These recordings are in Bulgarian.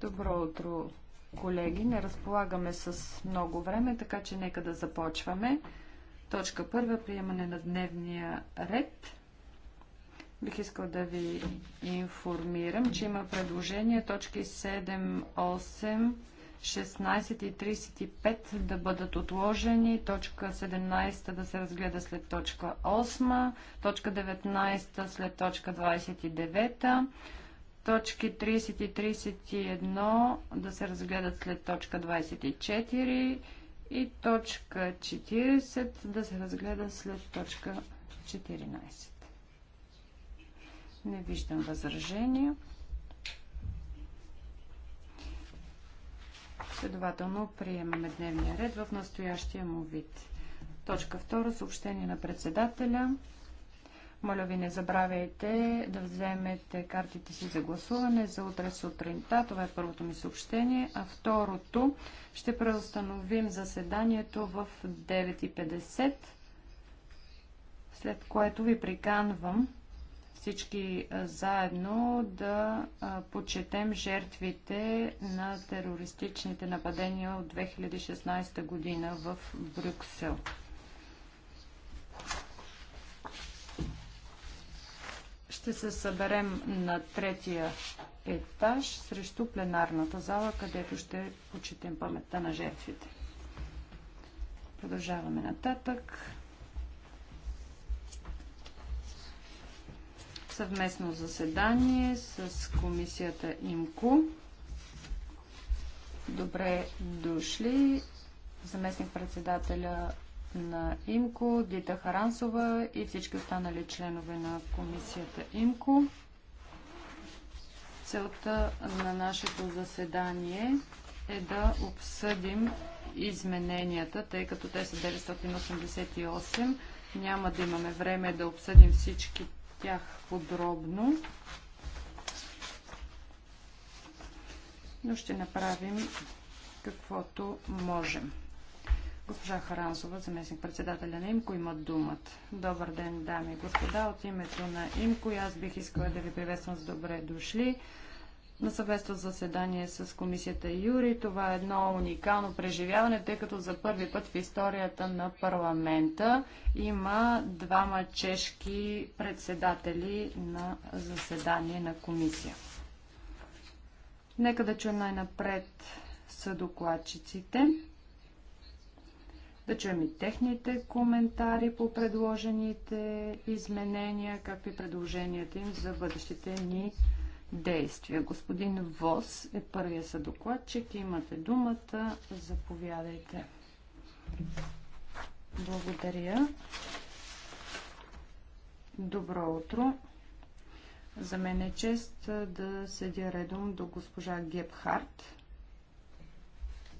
Добро утро, колеги. Не разполагаме с много време, така че нека да започваме. Точка първа – приемане на дневния ред. Бих искал да ви информирам, че има предложение точки 7, 8, 16 и 35 да бъдат отложени, точка 17 да се разгледа след точка 8, точка 19 след точка 29, точки 30 и 31 да се разгледат след точка 24 и точка 40 да се разгледа след точка 14. Не виждам възражения. Следователно приемаме дневния ред в настоящия му вид. Точка 2. Съобщение на председателя. Моля ви, не забравяйте да вземете картите си за гласуване за утре сутринта. Това е първото ми съобщение. А второто ще преустановим заседанието в 9.50, след което ви приканвам всички заедно да почетем жертвите на терористичните нападения от 2016 година в Брюксел. Ще се съберем на третия етаж срещу пленарната зала, където ще почетем паметта на жертвите. Продължаваме нататък. съвместно заседание с комисията ИМКО. Добре дошли заместник-председателя на ИМКО, Дита Харансова и всички останали членове на комисията ИМКО. Целта на нашето заседание е да обсъдим измененията, тъй като те са 988. Няма да имаме време да обсъдим всички тях подробно. Но ще направим каквото можем. Госпожа Харанзова, заместник председателя на ИМКО, има думат. Добър ден, дами и господа. От името на ИМКО аз бих искала да ви приветствам с добре дошли на съвместно заседание с комисията Юри. Това е едно уникално преживяване, тъй като за първи път в историята на парламента има двама чешки председатели на заседание на комисия. Нека да чуем най-напред съдокладчиците. Да чуем и техните коментари по предложените изменения, както и предложенията им за бъдещите ни действия. Господин Вос е първия съдокладчик. Имате думата. Заповядайте. Благодаря. Добро утро. За мен е чест да седя редом до госпожа Гепхарт,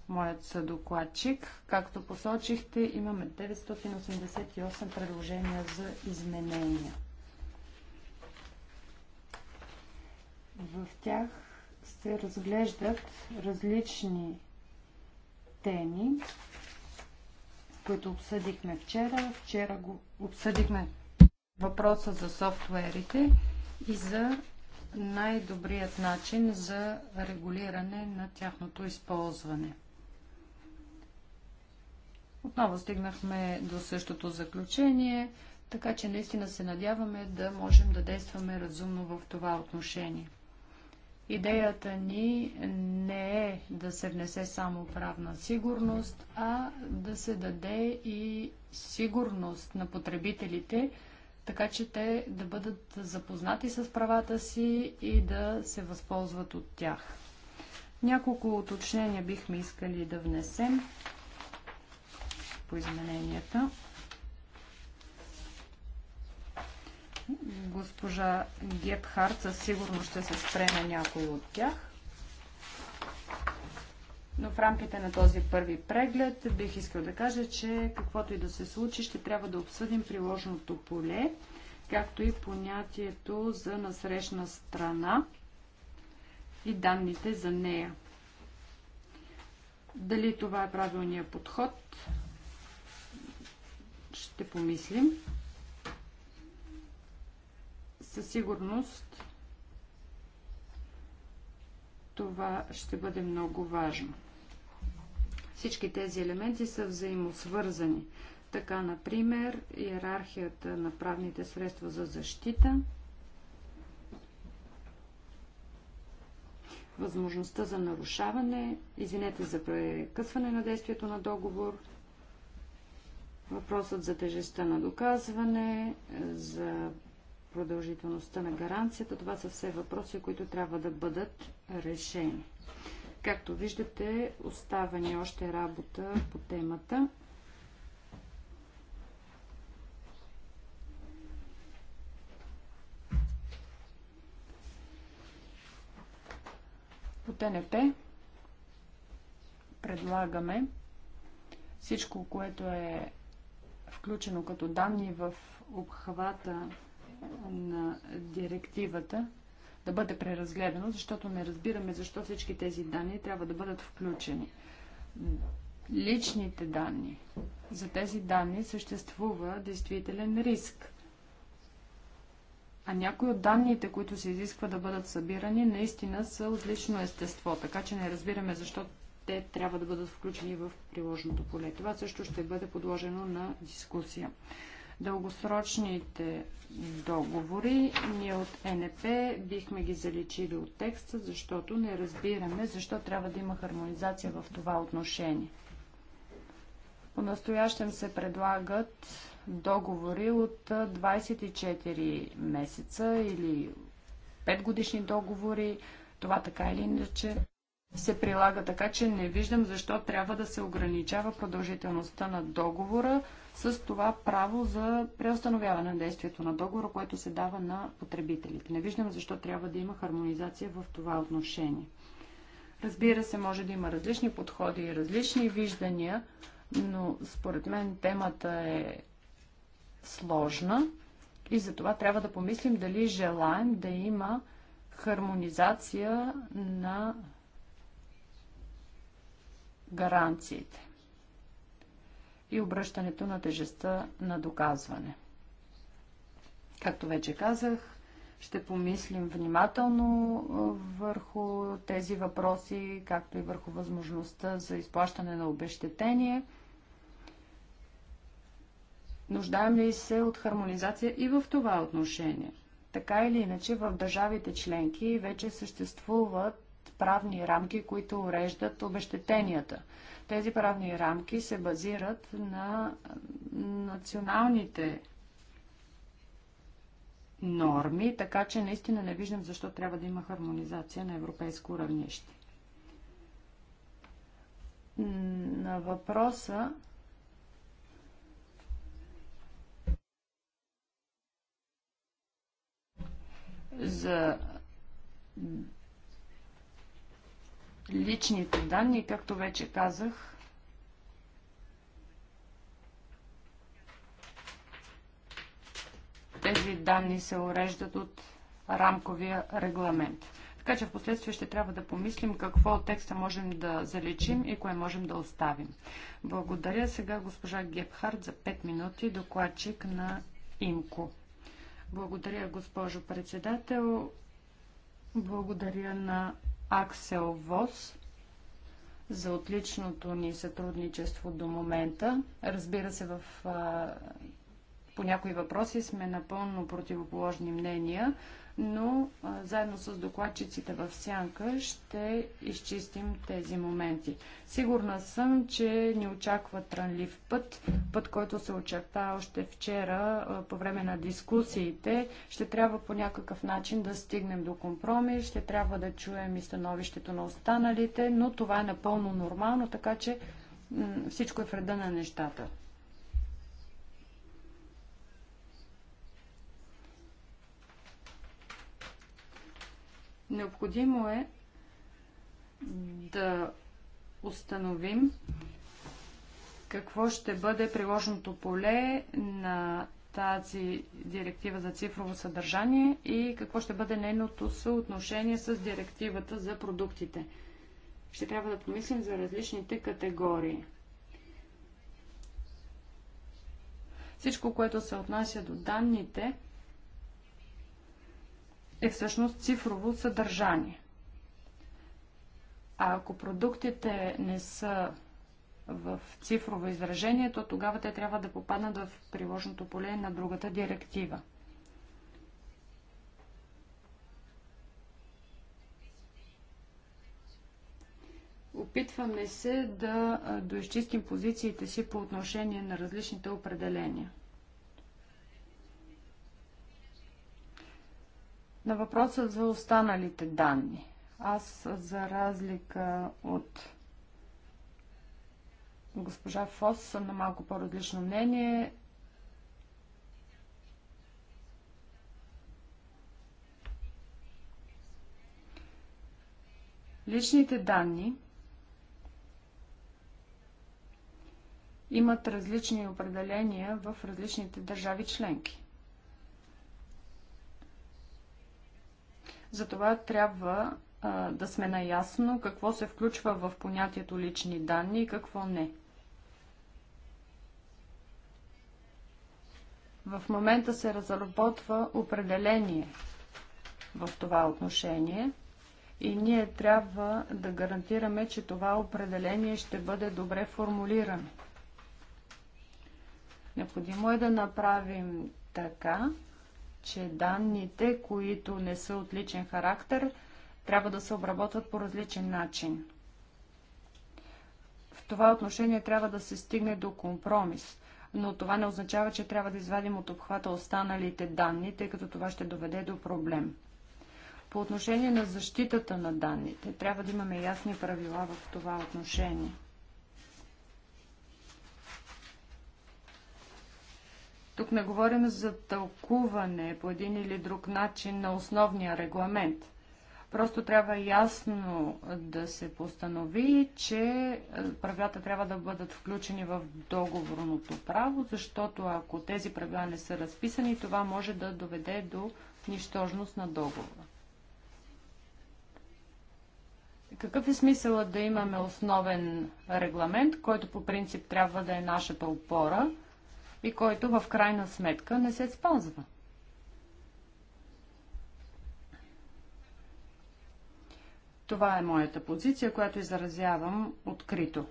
моят съдокладчик. Както посочихте, имаме 988 предложения за изменения. В тях се разглеждат различни теми, които обсъдихме вчера. Вчера го обсъдихме въпроса за софтуерите и за най-добрият начин за регулиране на тяхното използване. Отново стигнахме до същото заключение, така че наистина се надяваме да можем да действаме разумно в това отношение. Идеята ни не е да се внесе само правна сигурност, а да се даде и сигурност на потребителите, така че те да бъдат запознати с правата си и да се възползват от тях. Няколко уточнения бихме искали да внесем по измененията. Госпожа Гепхарт със сигурност ще се спре на някой от тях. Но в рамките на този първи преглед бих искал да кажа, че каквото и да се случи, ще трябва да обсъдим приложното поле, както и понятието за насрещна страна и данните за нея. Дали това е правилният подход, ще помислим. Със сигурност това ще бъде много важно. Всички тези елементи са взаимосвързани. Така, например, иерархията на правните средства за защита, възможността за нарушаване, извинете за прекъсване на действието на договор, въпросът за тежестта на доказване, за продължителността на гаранцията. Това са все въпроси, които трябва да бъдат решени. Както виждате, остава ни още работа по темата. По ТНП предлагаме всичко, което е включено като данни в обхвата на директивата да бъде преразгледано, защото не разбираме защо всички тези данни трябва да бъдат включени. Личните данни. За тези данни съществува действителен риск. А някои от данните, които се изисква да бъдат събирани, наистина са от лично естество, така че не разбираме защо те трябва да бъдат включени в приложното поле. Това също ще бъде подложено на дискусия. Дългосрочните договори ние от НП бихме ги заличили от текста, защото не разбираме защо трябва да има хармонизация в това отношение. По-настоящем се предлагат договори от 24 месеца или 5 годишни договори. Това така или иначе се прилага така, че не виждам защо трябва да се ограничава продължителността на договора с това право за преустановяване на действието на договора, което се дава на потребителите. Не виждам защо трябва да има хармонизация в това отношение. Разбира се, може да има различни подходи и различни виждания, но според мен темата е сложна и затова трябва да помислим дали желаем да има хармонизация на гаранциите и обръщането на тежестта на доказване. Както вече казах, ще помислим внимателно върху тези въпроси, както и върху възможността за изплащане на обещетение. Нуждаем ли се от хармонизация и в това отношение? Така или иначе, в държавите членки вече съществуват правни рамки, които уреждат обещетенията. Тези правни рамки се базират на националните норми, така че наистина не виждам защо трябва да има хармонизация на европейско равнище. На въпроса за личните данни, както вече казах, тези данни се уреждат от рамковия регламент. Така че в последствие ще трябва да помислим какво от текста можем да заличим и кое можем да оставим. Благодаря сега госпожа Гепхард за 5 минути, докладчик на ИМКО. Благодаря, госпожо председател. Благодаря на Аксел Вос за отличното ни сътрудничество до момента. Разбира се, в, по някои въпроси сме напълно противоположни мнения, но а, заедно с докладчиците в Сянка ще изчистим тези моменти. Сигурна съм, че ни очаква транлив път, път, който се очерта още вчера а, по време на дискусиите. Ще трябва по някакъв начин да стигнем до компромис, ще трябва да чуем и становището на останалите, но това е напълно нормално, така че всичко е в реда на нещата. Необходимо е да установим какво ще бъде приложното поле на тази директива за цифрово съдържание и какво ще бъде нейното съотношение с директивата за продуктите. Ще трябва да помислим за различните категории. Всичко, което се отнася до данните, е всъщност цифрово съдържание. А ако продуктите не са в цифрово изражение, то тогава те трябва да попаднат в приложното поле на другата директива. Опитваме се да доизчистим позициите си по отношение на различните определения. На въпроса за останалите данни. Аз, за разлика от госпожа Фос, съм на малко по-различно мнение. Личните данни имат различни определения в различните държави членки. Затова трябва а, да сме наясно какво се включва в понятието лични данни и какво не. В момента се разработва определение в това отношение и ние трябва да гарантираме, че това определение ще бъде добре формулирано. Необходимо е да направим така, че данните, които не са от личен характер, трябва да се обработват по различен начин. В това отношение трябва да се стигне до компромис, но това не означава, че трябва да извадим от обхвата останалите данни, тъй като това ще доведе до проблем. По отношение на защитата на данните, трябва да имаме ясни правила в това отношение. Тук не говорим за тълкуване по един или друг начин на основния регламент. Просто трябва ясно да се постанови, че е, правилата трябва да бъдат включени в договорното право, защото ако тези правила не са разписани, това може да доведе до нищожност на договора. Какъв е смисълът да имаме основен регламент, който по принцип трябва да е нашата опора – и който в крайна сметка не се спазва. Това е моята позиция, която изразявам открито.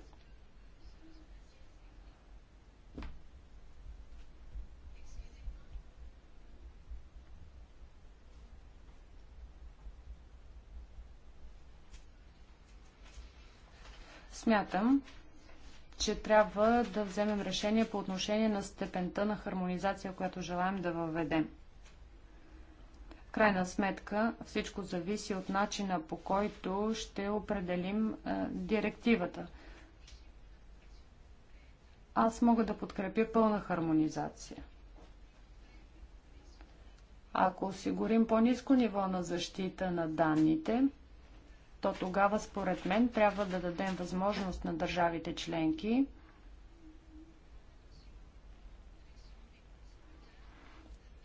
Смятам, че трябва да вземем решение по отношение на степента на хармонизация, която желаем да въведем. крайна сметка всичко зависи от начина по който ще определим е, директивата. Аз мога да подкрепя пълна хармонизация. Ако осигурим по-низко ниво на защита на данните, то тогава според мен трябва да дадем възможност на държавите членки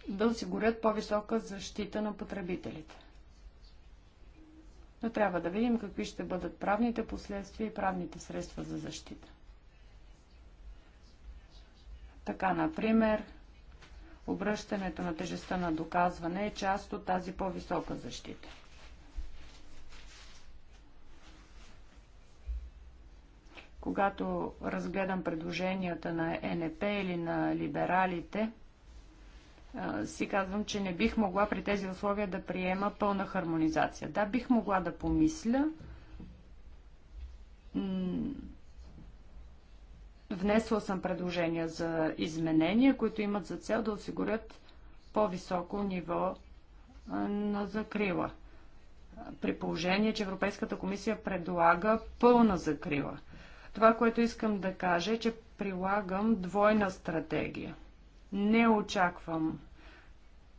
да осигурят по-висока защита на потребителите. Но трябва да видим какви ще бъдат правните последствия и правните средства за защита. Така, например, обръщането на тежестта на доказване е част от тази по-висока защита. Когато разгледам предложенията на НП или на либералите, си казвам, че не бих могла при тези условия да приема пълна хармонизация. Да, бих могла да помисля. Внесла съм предложения за изменения, които имат за цел да осигурят по-високо ниво на закрила. При положение, че Европейската комисия предлага пълна закрила. Това, което искам да кажа е, че прилагам двойна стратегия. Не очаквам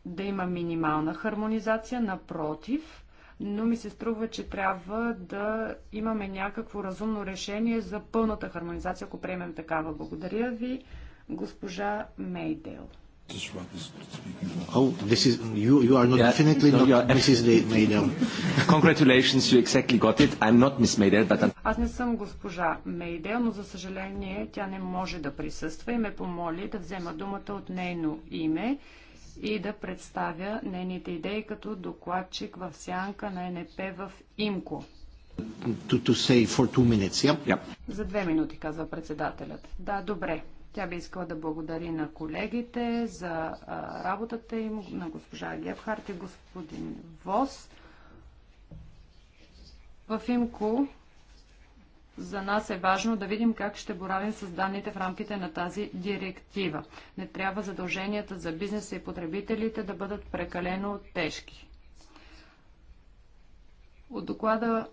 да има минимална хармонизация, напротив, но ми се струва, че трябва да имаме някакво разумно решение за пълната хармонизация, ако приемем такава. Благодаря ви, госпожа Мейдел. Oh, this is you. You are not yeah, definitely no, not Mrs. Maydell. Congratulations, you exactly got it. I'm not Miss Maydell, but I'm... Аз не съм госпожа Мейдел, но за съжаление тя не може да присъства и ме помоли да взема думата от нейно име и да представя нейните идеи като докладчик в сянка на НП в ИМКО. To, to say for two minutes, yeah? Yeah. За две минути, казва председателят. Да, добре. Тя би искала да благодари на колегите за работата им, на госпожа Гебхарт и господин Вос. В ИМКО за нас е важно да видим как ще боравим с данните в рамките на тази директива. Не трябва задълженията за бизнеса и потребителите да бъдат прекалено тежки. От доклада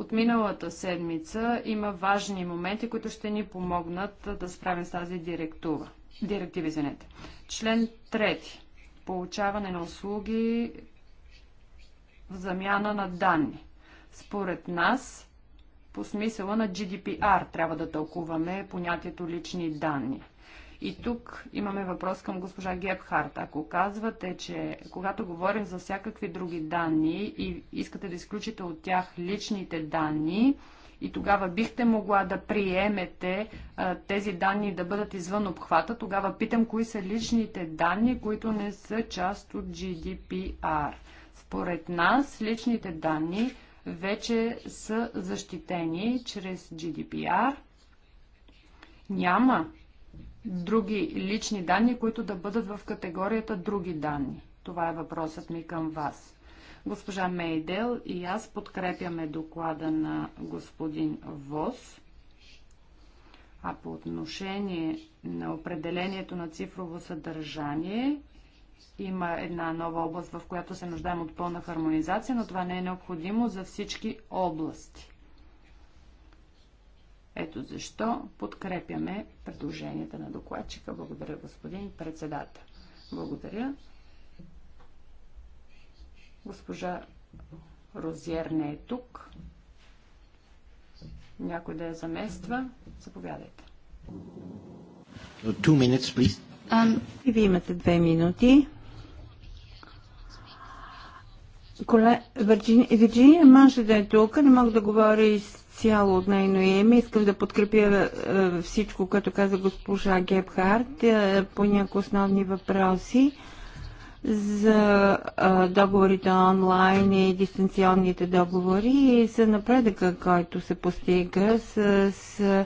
от миналата седмица има важни моменти, които ще ни помогнат да справим с тази директива. Директива, извинете. Член 3. Получаване на услуги в замяна на данни. Според нас, по смисъла на GDPR трябва да тълкуваме понятието лични данни. И тук имаме въпрос към госпожа Гебхарт. Ако казвате, че когато говорим за всякакви други данни и искате да изключите от тях личните данни, и тогава бихте могла да приемете а, тези данни да бъдат извън обхвата, тогава питам кои са личните данни, които не са част от GDPR. Според нас личните данни вече са защитени чрез GDPR. Няма други лични данни, които да бъдат в категорията други данни? Това е въпросът ми към вас. Госпожа Мейдел и аз подкрепяме доклада на господин Вос. А по отношение на определението на цифрово съдържание, има една нова област, в която се нуждаем от пълна хармонизация, но това не е необходимо за всички области. Ето защо подкрепяме предложенията на докладчика. Благодаря, господин председател. Благодаря. Госпожа Розиер не е тук. Някой да я замества. Заповядайте. Two minutes, please. Um, вие имате две минути. Вирджиния може да е тук, не мога да говори с изцяло от нейно име. Искам да подкрепя е, всичко, което каза госпожа Гебхарт е, по някои основни въпроси за е, договорите онлайн и дистанционните договори и за напредъка, който се постига с, с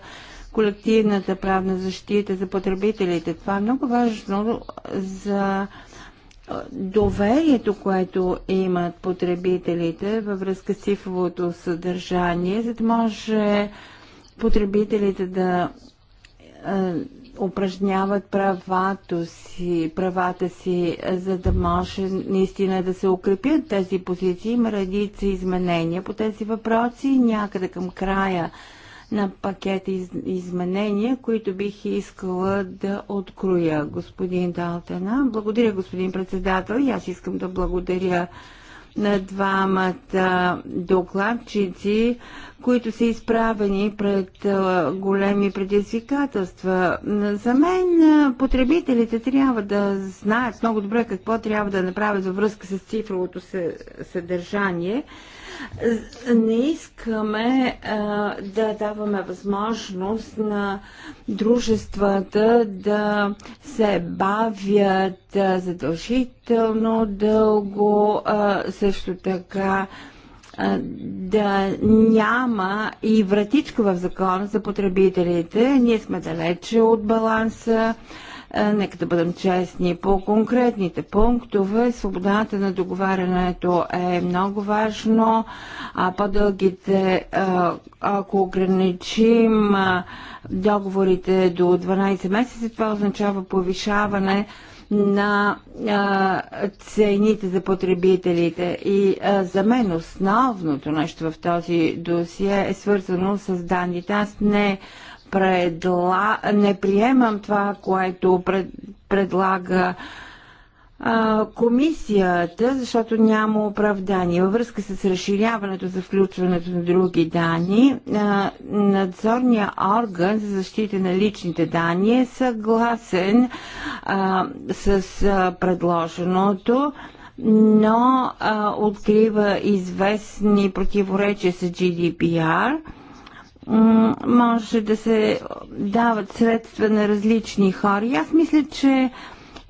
колективната правна защита за потребителите. Това е много важно за доверието, което имат потребителите във връзка с цифровото съдържание, за да може потребителите да упражняват правата си, правата си, за да може наистина да се укрепят тези позиции. Има редица изменения по тези въпроси. Някъде към края на пакет из, изменения, които бих искала да откроя. Господин Далтена, благодаря господин председател и аз искам да благодаря на двамата докладчици, които са изправени пред големи предизвикателства. За мен потребителите трябва да знаят много добре какво трябва да направят във връзка с цифровото съдържание. Не искаме да даваме възможност на дружествата да се бавят задължително дълго, също така да няма и вратичка в закона за потребителите. Ние сме далече от баланса. Нека да бъдем честни. По конкретните пунктове, свободата на договарянето е много важно, а по-дългите, ако ограничим договорите до 12 месеца, това означава повишаване на а, цените за потребителите. И а, за мен основното нещо в този досие е свързано с данните. Аз не предла... не приемам това, което пред... предлага а, комисията, защото няма оправдание. Във връзка с разширяването за включването на други данни, а, надзорният орган за защита на личните данни е съгласен а, с а, предложеното но а, открива известни противоречия с GDPR може да се дават средства на различни хора. И аз мисля, че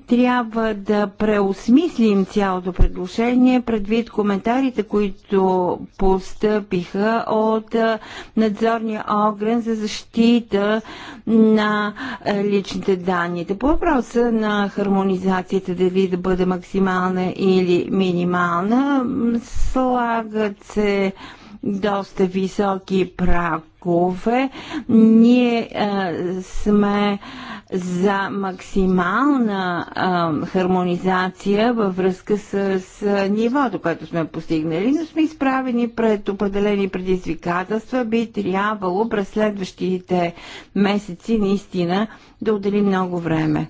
трябва да преосмислим цялото предложение предвид коментарите, които постъпиха от надзорния огрен за защита на личните данни. По въпроса на хармонизацията дали да бъде максимална или минимална, слагат се доста високи прагове. Ние а, сме за максимална а, хармонизация във връзка с, с нивото, което сме постигнали, но сме изправени пред определени предизвикателства. Би трябвало през следващите месеци наистина да отделим много време.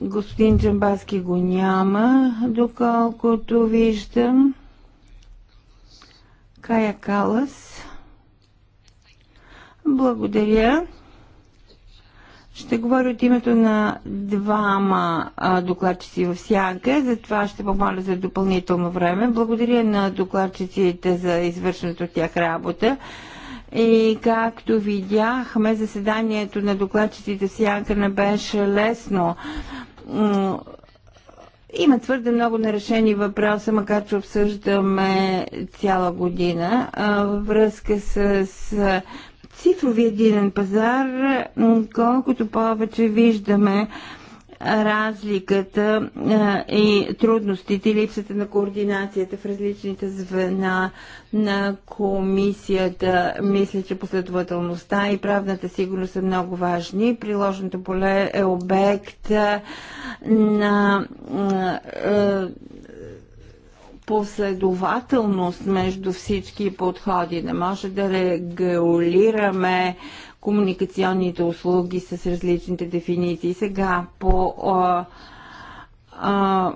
Господин Джамбаски го няма, доколкото виждам. Кая Калас. Благодаря. Ще говоря от името на двама докладчици в Сянка, затова ще помоля за допълнително време. Благодаря на докладчиците за извършената от тях работа. И както видяхме, заседанието на докладчиците в Сянка не беше лесно има твърде много нарешени въпроса, макар че обсъждаме цяла година във връзка с цифрови единен пазар. Колкото повече виждаме разликата и трудностите липсата на координацията в различните звена на комисията. Мисля, че последователността и правната сигурност са много важни. Приложното поле е обект на последователност между всички подходи. Не може да регулираме комуникационните услуги с различните дефиниции. Сега по а, а,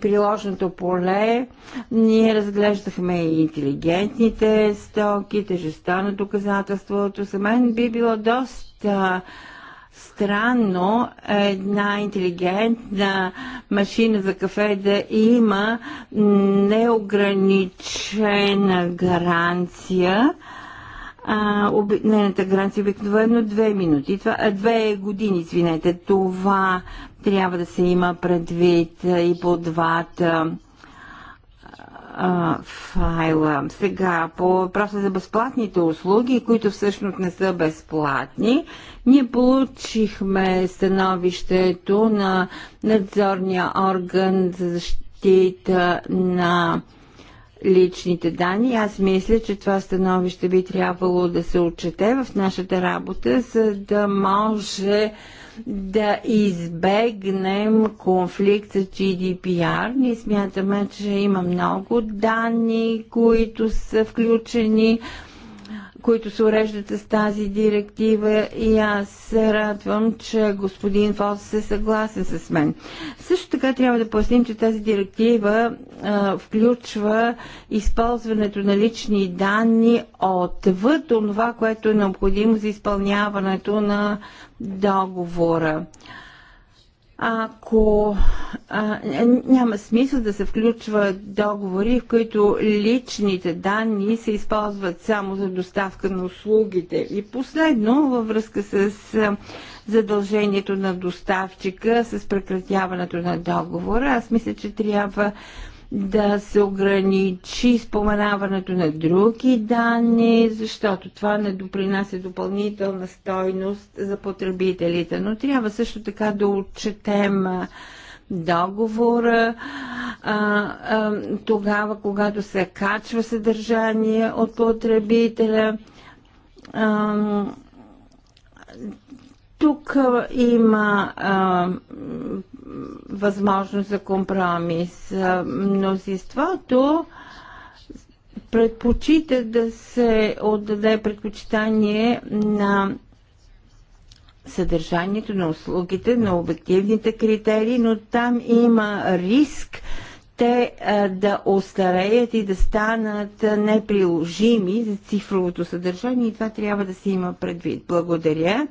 приложното поле ние разглеждахме и интелигентните стоки, тежеста на доказателството. За мен би било доста странно една интелигентна машина за кафе да има неограничена гаранция а, об, нейната граница е обикновено две минути. Това, а, две години, извинете. Това трябва да се има предвид и по двата файла. Сега, по въпроса за безплатните услуги, които всъщност не са безплатни, ние получихме становището на надзорния орган за защита на личните данни. Аз мисля, че това становище би трябвало да се отчете в нашата работа, за да може да избегнем конфликт с GDPR. Ние смятаме, че има много данни, които са включени които се уреждат с тази директива и аз се радвам, че господин Фос се съгласен с мен. Също така трябва да поясним, че тази директива а, включва използването на лични данни отвъд това, което е необходимо за изпълняването на договора. А, ако а, е, няма смисъл да се включват договори, в които личните данни се използват само за доставка на услугите. И последно, във връзка с задължението на доставчика, с прекратяването на договора, аз мисля, че трябва да се ограничи споменаването на други данни, защото това не допринася допълнителна стойност за потребителите. Но трябва също така да отчетем договора, а, а, тогава, когато се качва съдържание от потребителя. А, тук има а, възможност за компромис. Мнозинството предпочита да се отдаде предпочитание на съдържанието на услугите, на обективните критерии, но там има риск те да остареят и да станат неприложими за цифровото съдържание и това трябва да се има предвид. Благодаря.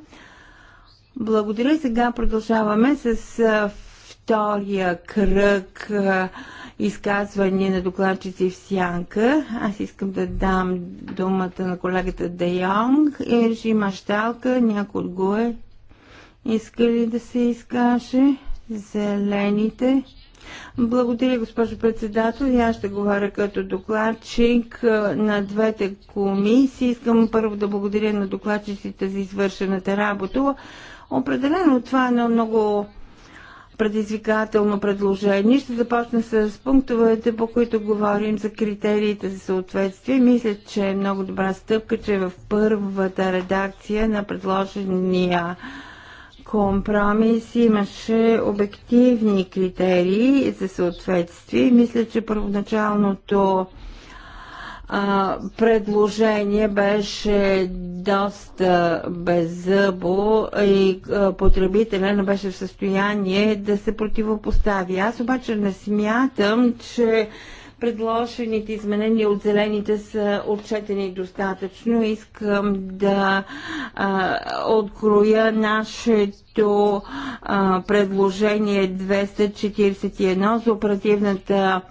Благодаря. Сега продължаваме с втория кръг изказвания на докладчици в сянка. Аз искам да дам думата на колегата Де Йонг Ержи режим Някой от ГУЕ иска ли да се изкаже? Зелените. Благодаря, госпожо председател. И аз ще говоря като докладчик на двете комисии. Искам първо да благодаря на докладчиците за извършената работа. Определено това е едно много предизвикателно предложение. Ще започна с пунктовете, по които говорим за критериите за съответствие. Мисля, че е много добра стъпка, че е в първата редакция на предложения компромис имаше обективни критерии за съответствие. Мисля, че първоначалното а, предложение беше доста беззъбо и а, потребителя не беше в състояние да се противопостави. Аз обаче не смятам, че предложените изменения от зелените са отчетени достатъчно. Искам да а, откроя нашето а, предложение 241 за оперативната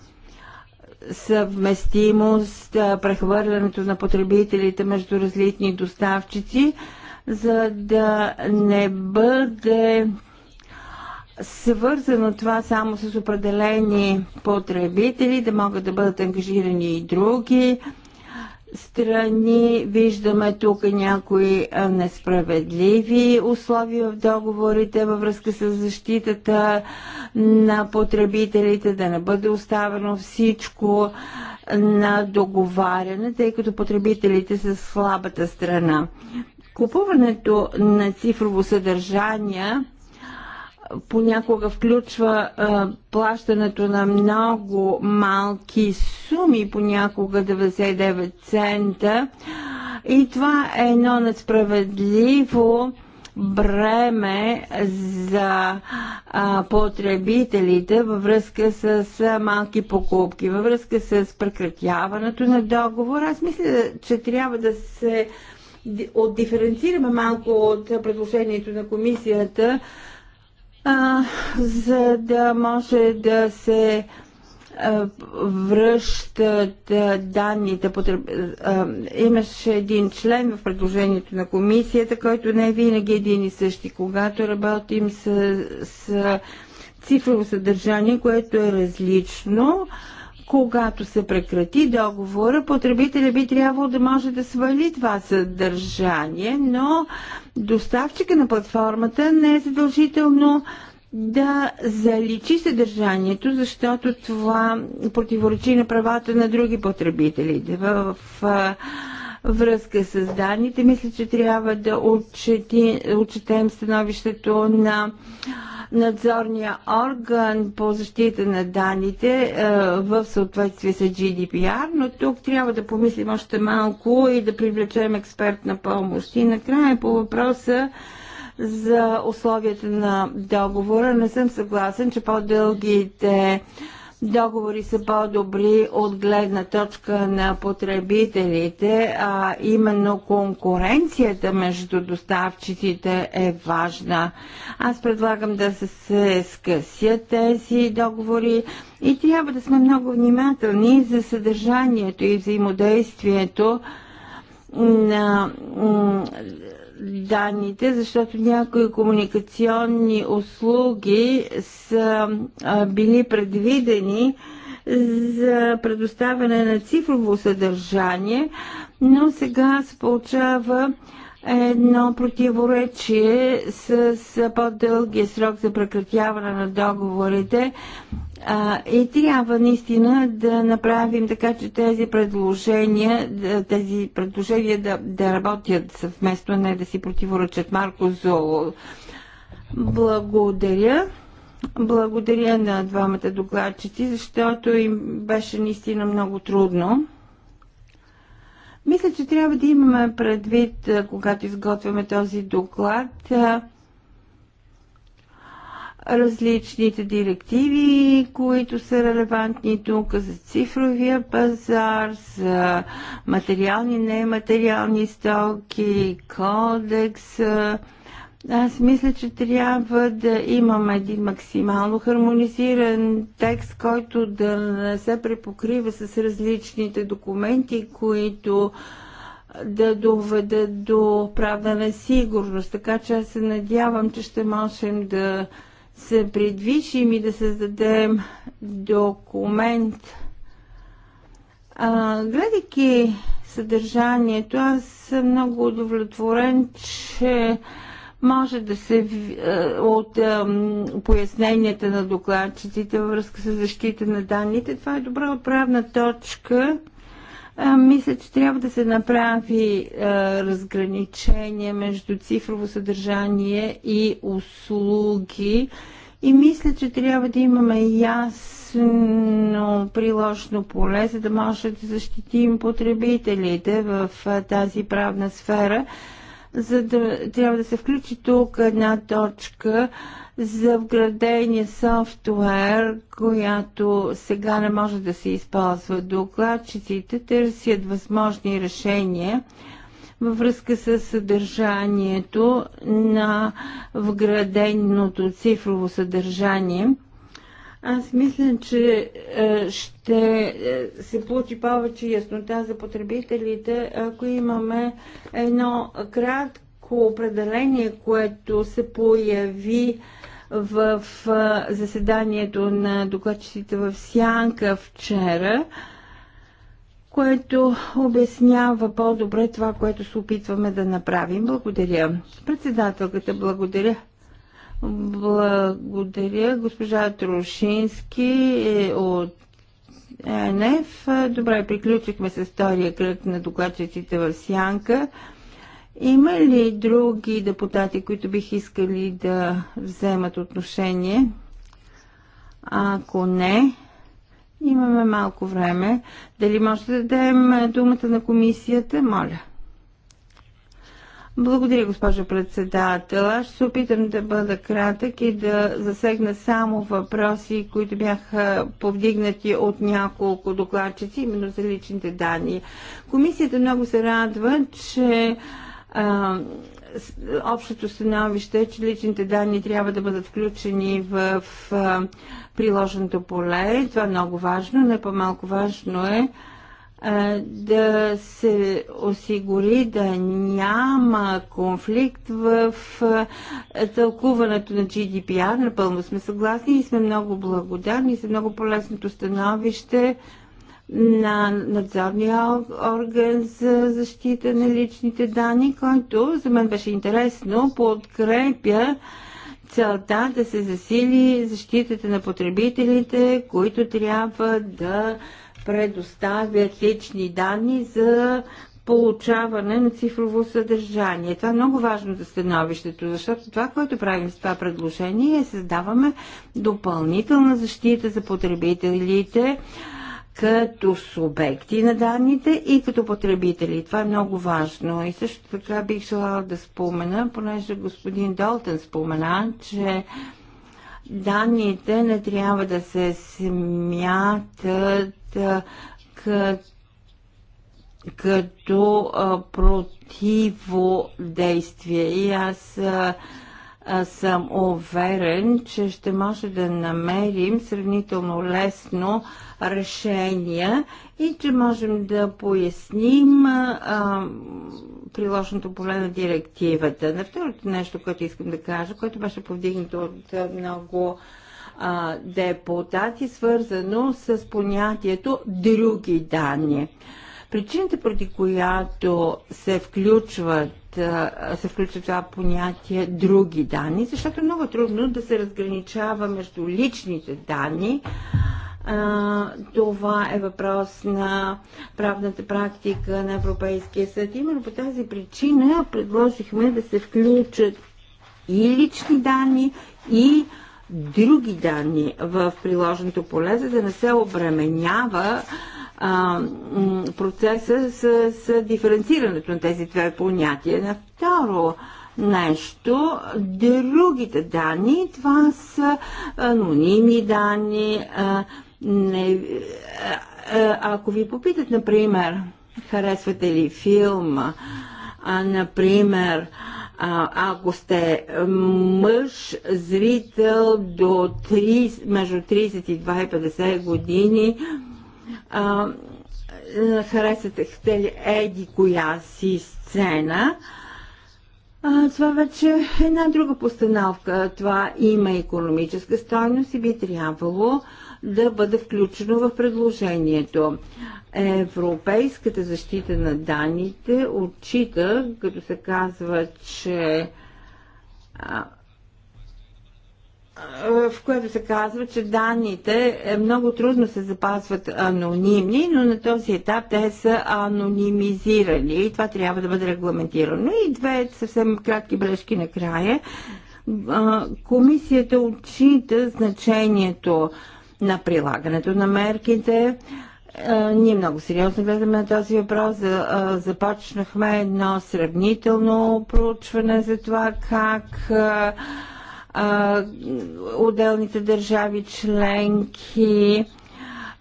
съвместимост, прехвърлянето на потребителите между различни доставчици, за да не бъде свързано това само с определени потребители, да могат да бъдат ангажирани и други страни виждаме тук някои несправедливи условия в договорите във връзка с защитата на потребителите, да не бъде оставено всичко на договаряне, тъй като потребителите са слабата страна. Купуването на цифрово съдържание понякога включва а, плащането на много малки суми, понякога 99 цента. И това е едно несправедливо бреме за а, потребителите във връзка с а, малки покупки, във връзка с прекратяването на договор. Аз мисля, че трябва да се отдиференцираме малко от предложението на комисията а, за да може да се връщат данните. Имаше един член в предложението на комисията, който не е винаги един и същи. Когато работим с, с цифрово съдържание, което е различно, когато се прекрати договора, потребителя би трябвало да може да свали това съдържание, но доставчика на платформата не е задължително да заличи съдържанието, защото това противоречи на правата на други потребители. В, в връзка с данните, мисля, че трябва да отчети, отчетем становището на надзорния орган по защита на данните е, в съответствие с GDPR, но тук трябва да помислим още малко и да привлечем експертна помощ. И накрая по въпроса за условията на договора не съм съгласен, че по-дългите договори са по-добри от гледна точка на потребителите, а именно конкуренцията между доставчиците е важна. Аз предлагам да се, скъсят тези договори и трябва да сме много внимателни за съдържанието и взаимодействието на данните, защото някои комуникационни услуги са били предвидени за предоставяне на цифрово съдържание, но сега се получава едно противоречие с, с по-дългия срок за прекратяване на договорите а, и трябва наистина да направим така, че тези предложения, тези предложения да, да работят съвместно, не да си противоречат. Марко Золо, благодаря. Благодаря на двамата докладчици, защото им беше наистина много трудно. Мисля, че трябва да имаме предвид, когато изготвяме този доклад, различните директиви, които са релевантни тук за цифровия пазар, за материални, нематериални стоки, кодекс, аз мисля, че трябва да имаме един максимално хармонизиран текст, който да не се препокрива с различните документи, които да доведат до правна несигурност. Така че аз се надявам, че ще можем да се предвижим и да създадем документ. А, гледайки съдържанието, аз съм много удовлетворен, че може да се е, от е, поясненията на докладчиците във връзка с защита на данните. Това е добра отправна точка. Е, мисля, че трябва да се направи разграничение между цифрово съдържание и услуги. И мисля, че трябва да имаме ясно приложно поле, за да може да защитим потребителите в тази правна сфера за да трябва да се включи тук една точка за вградения софтуер, която сега не може да се използва. Докладчиците търсят възможни решения във връзка с съдържанието на вграденото цифрово съдържание аз мисля, че е, ще е, се получи повече яснота за потребителите, ако имаме едно кратко определение, което се появи в е, заседанието на докладчиците в Сянка вчера, което обяснява по-добре това, което се опитваме да направим. Благодаря. Председателката, благодаря. Благодаря. Госпожа Трушински е от НФ. Добре, приключихме с втория кръг на докладчиците в Сянка. Има ли други депутати, които бих искали да вземат отношение? Ако не, имаме малко време. Дали може да дадем думата на комисията? Моля. Благодаря, госпожо председател. Аз ще се опитам да бъда кратък и да засегна само въпроси, които бяха повдигнати от няколко докладчици, именно за личните данни. Комисията много се радва, че а, общото становище е, че личните данни трябва да бъдат включени в а, приложеното поле. Това е много важно. Не по-малко важно е, да се осигури да няма конфликт в тълкуването на GDPR. Напълно сме съгласни и сме много благодарни за много полезното становище на надзорния орган за защита на личните данни, който за мен беше интересно, подкрепя целта да се засили защитата на потребителите, които трябва да предоставят лични данни за получаване на цифрово съдържание. Това е много важно за становището, защото това, което правим с това предложение е създаваме допълнителна защита за потребителите като субекти на данните и като потребители. Това е много важно. И също така бих желала да спомена, понеже господин Долтен спомена, че данните не трябва да се смятат като като противодействие. И аз съм уверен, че ще може да намерим сравнително лесно решение и че можем да поясним а, приложното поле на директивата. На второто нещо, което искам да кажа, което беше повдигнато от много а, депутати, свързано с понятието други данни. Причината, преди която се включват се включва това понятие други данни, защото е много трудно да се разграничава между личните данни това е въпрос на правната практика на Европейския съд. Именно по тази причина предложихме да се включат и лични данни, и други данни в приложеното поле, за да не се обременява а, процеса с, с диференцирането на тези две понятия. На второ, нещо. Другите данни, това са анонимни данни, не, е, е, ако ви попитат, например, харесвате ли филма, а, например, а, ако сте мъж, зрител до 30, между 32 и 50 години, а, харесвате ли еди коя си сцена, а, това вече е една друга постановка. Това има економическа стойност и би трябвало да бъде включено в предложението. Европейската защита на данните отчита, като се казва, че в което се казва, че данните е, много трудно се запазват анонимни, но на този етап те са анонимизирани и това трябва да бъде регламентирано. И две съвсем кратки брешки накрая. Комисията отчита значението на прилагането на мерките. Е, ние много сериозно гледаме на този въпрос. Е, започнахме едно сравнително проучване за това как е, отделните държави членки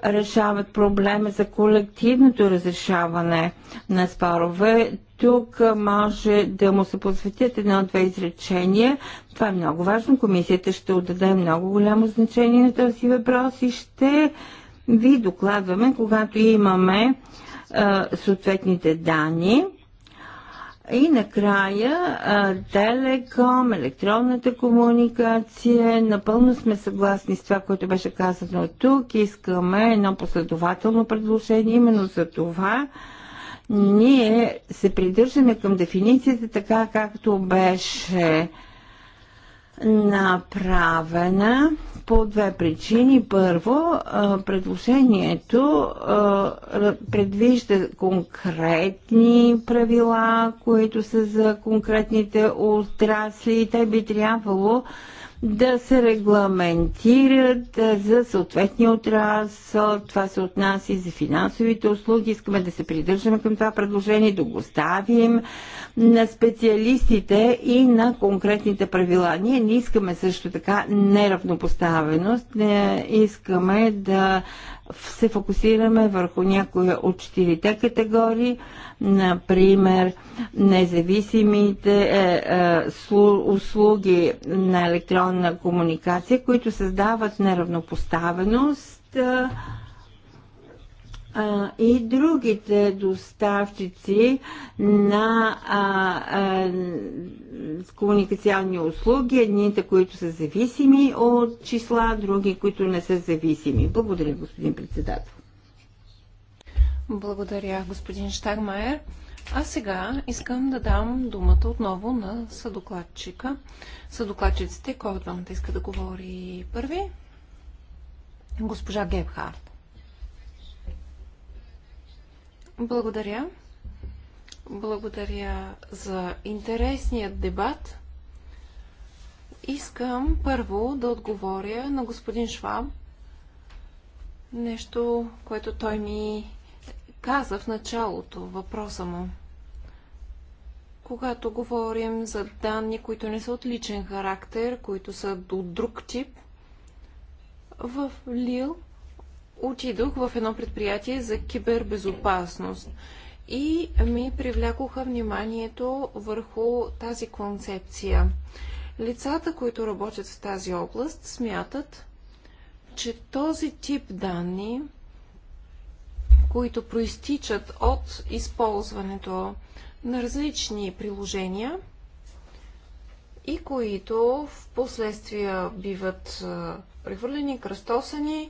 решават проблема за колективното разрешаване на спорове тук може да му се посветят едно-две изречения. Това е много важно. Комисията ще отдаде много голямо значение на този въпрос и ще ви докладваме, когато имаме а, съответните данни. И накрая а, телеком, електронната комуникация. Напълно сме съгласни с това, което беше казано тук. Искаме едно последователно предложение именно за това ние се придържаме към дефиницията така, както беше направена по две причини. Първо, предложението предвижда конкретни правила, които са за конкретните отрасли и те би трябвало да се регламентират за съответния отрасъл. Това се отнася и за финансовите услуги. Искаме да се придържаме към това предложение, да го ставим на специалистите и на конкретните правила. Ние не искаме също така неравнопоставеност, не искаме да се фокусираме върху някоя от четирите категории, например независимите е, е, услуги на електронни на комуникация, които създават неравнопоставеност и другите доставчици на а, а, комуникационни услуги, едните, които са зависими от числа, други, които не са зависими. Благодаря, господин председател. Благодаря, господин Штагмайер. А сега искам да дам думата отново на съдокладчика. Съдокладчиците, кой от двамата иска да говори първи? Госпожа Гебхард. Благодаря. Благодаря за интересният дебат. Искам първо да отговоря на господин Шваб. Нещо, което той ми каза в началото въпроса му. Когато говорим за данни, които не са от личен характер, които са от друг тип, в Лил отидох в едно предприятие за кибербезопасност и ми привлякоха вниманието върху тази концепция. Лицата, които работят в тази област, смятат, че този тип данни които проистичат от използването на различни приложения и които в последствие биват прехвърлени, кръстосани,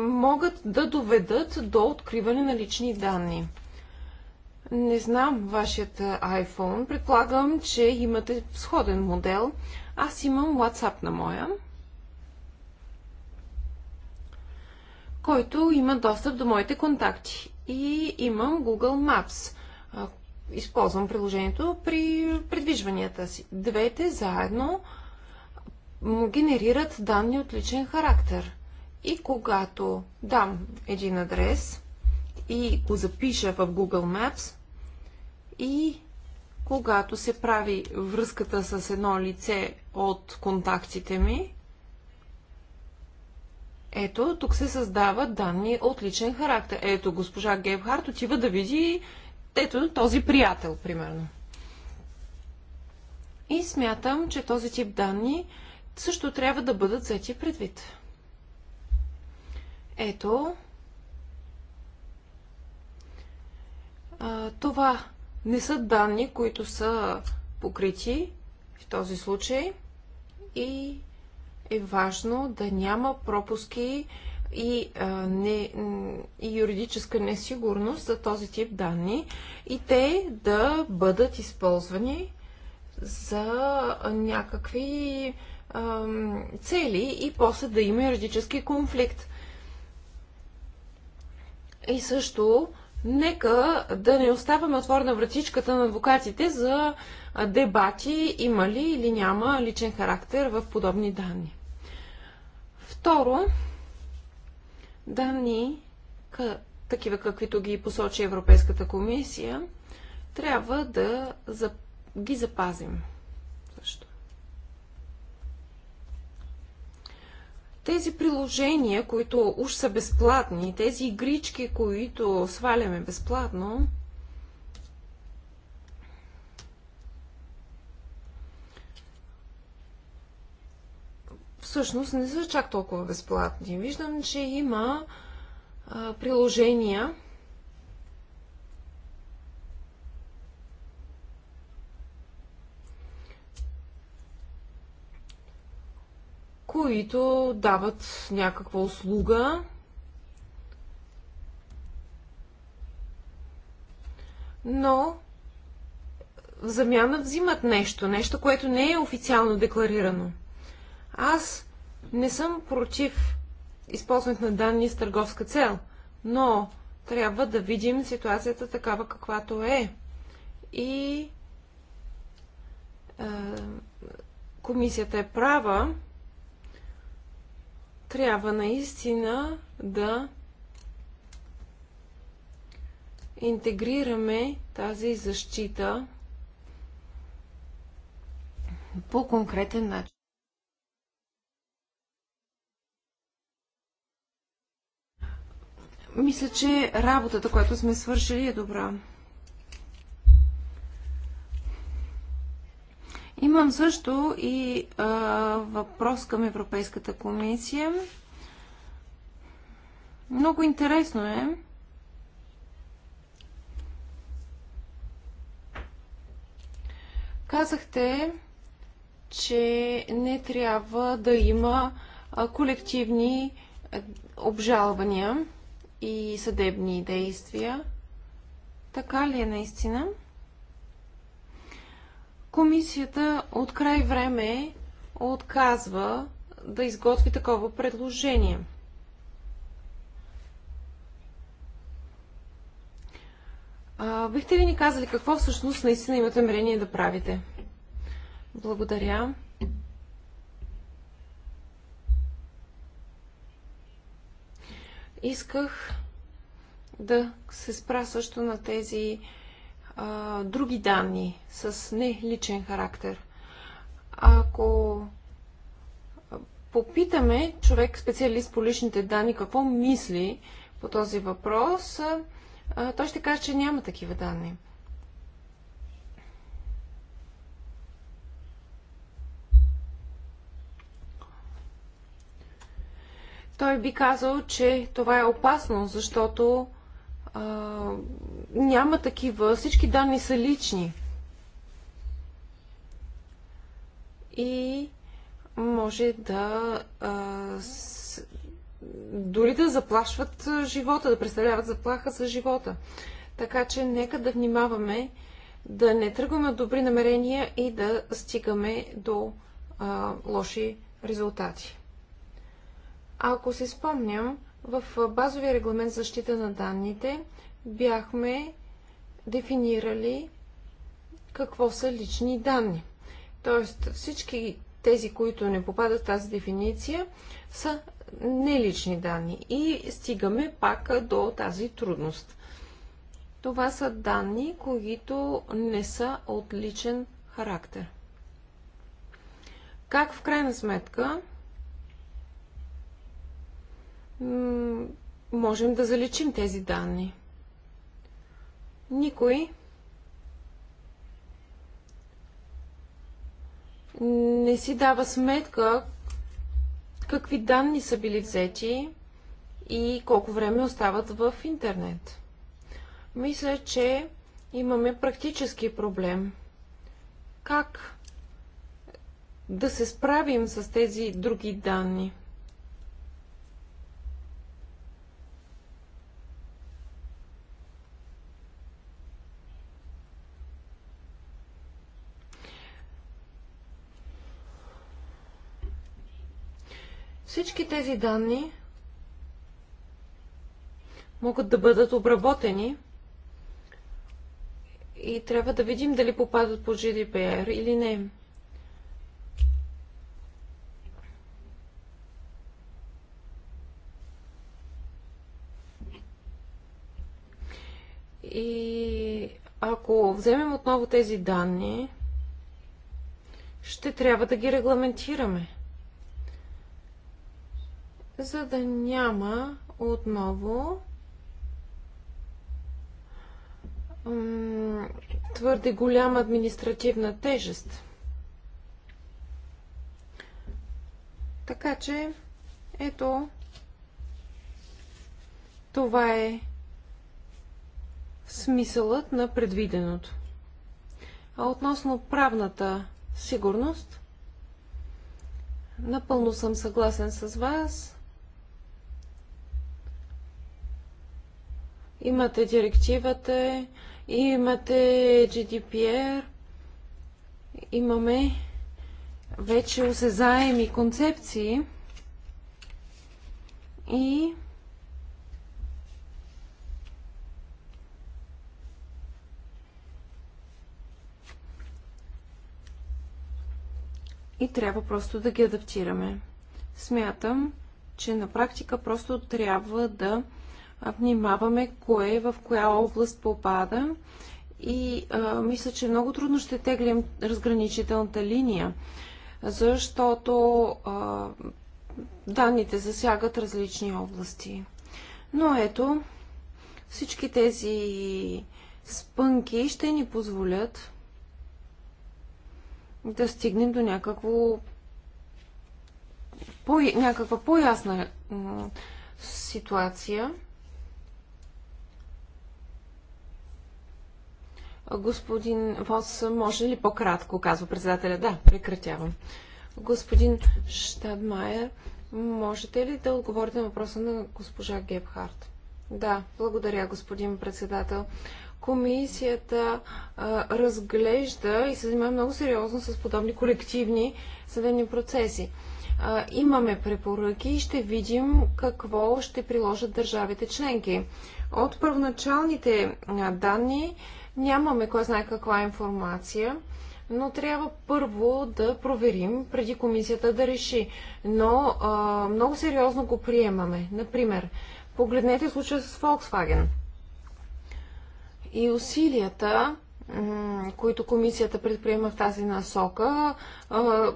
могат да доведат до откриване на лични данни. Не знам вашият iPhone. Предполагам, че имате сходен модел. Аз имам WhatsApp на моя. който има достъп до моите контакти. И имам Google Maps. Използвам приложението при предвижванията си. Двете заедно генерират данни от личен характер. И когато дам един адрес и го запиша в Google Maps, и когато се прави връзката с едно лице от контактите ми, ето, тук се създават данни от личен характер. Ето, госпожа Гебхарт отива да види ето този приятел, примерно. И смятам, че този тип данни също трябва да бъдат взети предвид. Ето, а, това не са данни, които са покрити в този случай и е важно да няма пропуски и, а, не, и юридическа несигурност за този тип данни и те да бъдат използвани за някакви а, цели и после да има юридически конфликт. И също, нека да не оставяме отворена вратичката на адвокатите за дебати има ли или няма личен характер в подобни данни. Второ, данни, такива каквито ги посочи Европейската комисия, трябва да ги запазим. Също. Тези приложения, които уж са безплатни, тези игрички, които сваляме безплатно, всъщност не са чак толкова безплатни. Виждам, че има а, приложения, които дават някаква услуга. Но в замяна взимат нещо, нещо, което не е официално декларирано. Аз не съм против използването на данни с търговска цел, но трябва да видим ситуацията такава каквато е. И е, комисията е права, трябва наистина да интегрираме тази защита по конкретен начин. мисля, че работата, която сме свършили, е добра. Имам също и а, въпрос към Европейската комисия. Много интересно е. Казахте, че не трябва да има колективни обжалвания и съдебни действия. Така ли е наистина? Комисията от край време отказва да изготви такова предложение. А, бихте ли ни казали какво всъщност наистина имате намерение да правите? Благодаря. Исках да се спра също на тези а, други данни с не личен характер. Ако попитаме човек, специалист по личните данни, какво мисли по този въпрос, а, той ще каже, че няма такива данни. той би казал, че това е опасно, защото а, няма такива. Всички данни са лични. И може да. А, с, дори да заплашват живота, да представляват заплаха за живота. Така че нека да внимаваме да не тръгваме от добри намерения и да стигаме до а, лоши резултати. Ако се спомням, в базовия регламент за защита на данните бяхме дефинирали какво са лични данни. Тоест всички тези, които не попадат в тази дефиниция, са нелични данни. И стигаме пак до тази трудност. Това са данни, които не са от личен характер. Как в крайна сметка можем да заличим тези данни. Никой не си дава сметка какви данни са били взети и колко време остават в интернет. Мисля, че имаме практически проблем. Как да се справим с тези други данни? Всички тези данни могат да бъдат обработени и трябва да видим дали попадат по GDPR или не. И ако вземем отново тези данни, ще трябва да ги регламентираме за да няма отново твърде голяма административна тежест. Така че, ето, това е смисълът на предвиденото. А относно правната сигурност, напълно съм съгласен с вас. Имате директивата, имате GDPR, имаме вече осезаеми концепции и и трябва просто да ги адаптираме. Смятам, че на практика просто трябва да внимаваме кое в коя област попада и а, мисля, че много трудно ще теглим разграничителната линия, защото а, данните засягат различни области. Но ето, всички тези спънки ще ни позволят да стигнем до някакво по, някаква по-ясна ситуация Господин Вос, може ли по-кратко, казва председателя? Да, прекратявам. Господин Штадмайер, можете ли да отговорите на въпроса на госпожа Гебхарт? Да, благодаря, господин председател. Комисията а, разглежда и се занимава много сериозно с подобни колективни съдебни процеси. А, имаме препоръки и ще видим какво ще приложат държавите членки. От първоначалните данни Нямаме кой знае каква информация, но трябва първо да проверим преди комисията да реши. Но а, много сериозно го приемаме. Например, погледнете случая с Volkswagen и усилията, които комисията предприема в тази насока, а,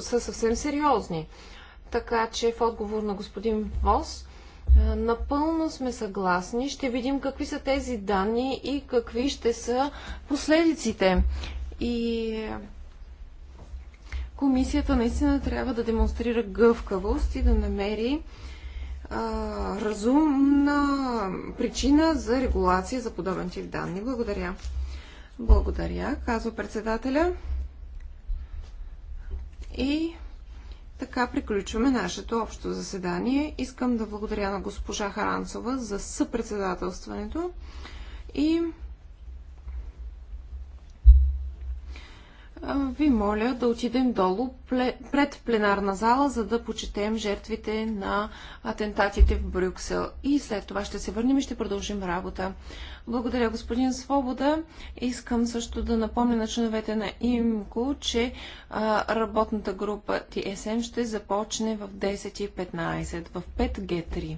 са съвсем сериозни. Така че в отговор на господин Вос, е, напълно сме съгласни. Ще видим какви са тези данни и какви ще са последиците. И комисията наистина трябва да демонстрира гъвкавост и да намери а, е, разумна причина за регулация за подобен тип данни. Благодаря. Благодаря, казва председателя. И така приключваме нашето общо заседание. Искам да благодаря на госпожа Харанцова за съпредседателстването и ви моля да отидем долу пред пленарна зала, за да почетем жертвите на атентатите в Брюксел. И след това ще се върнем и ще продължим работа. Благодаря, господин Свобода. Искам също да напомня на членовете на ИМКО, че работната група ТСМ ще започне в 10.15 в 5G3.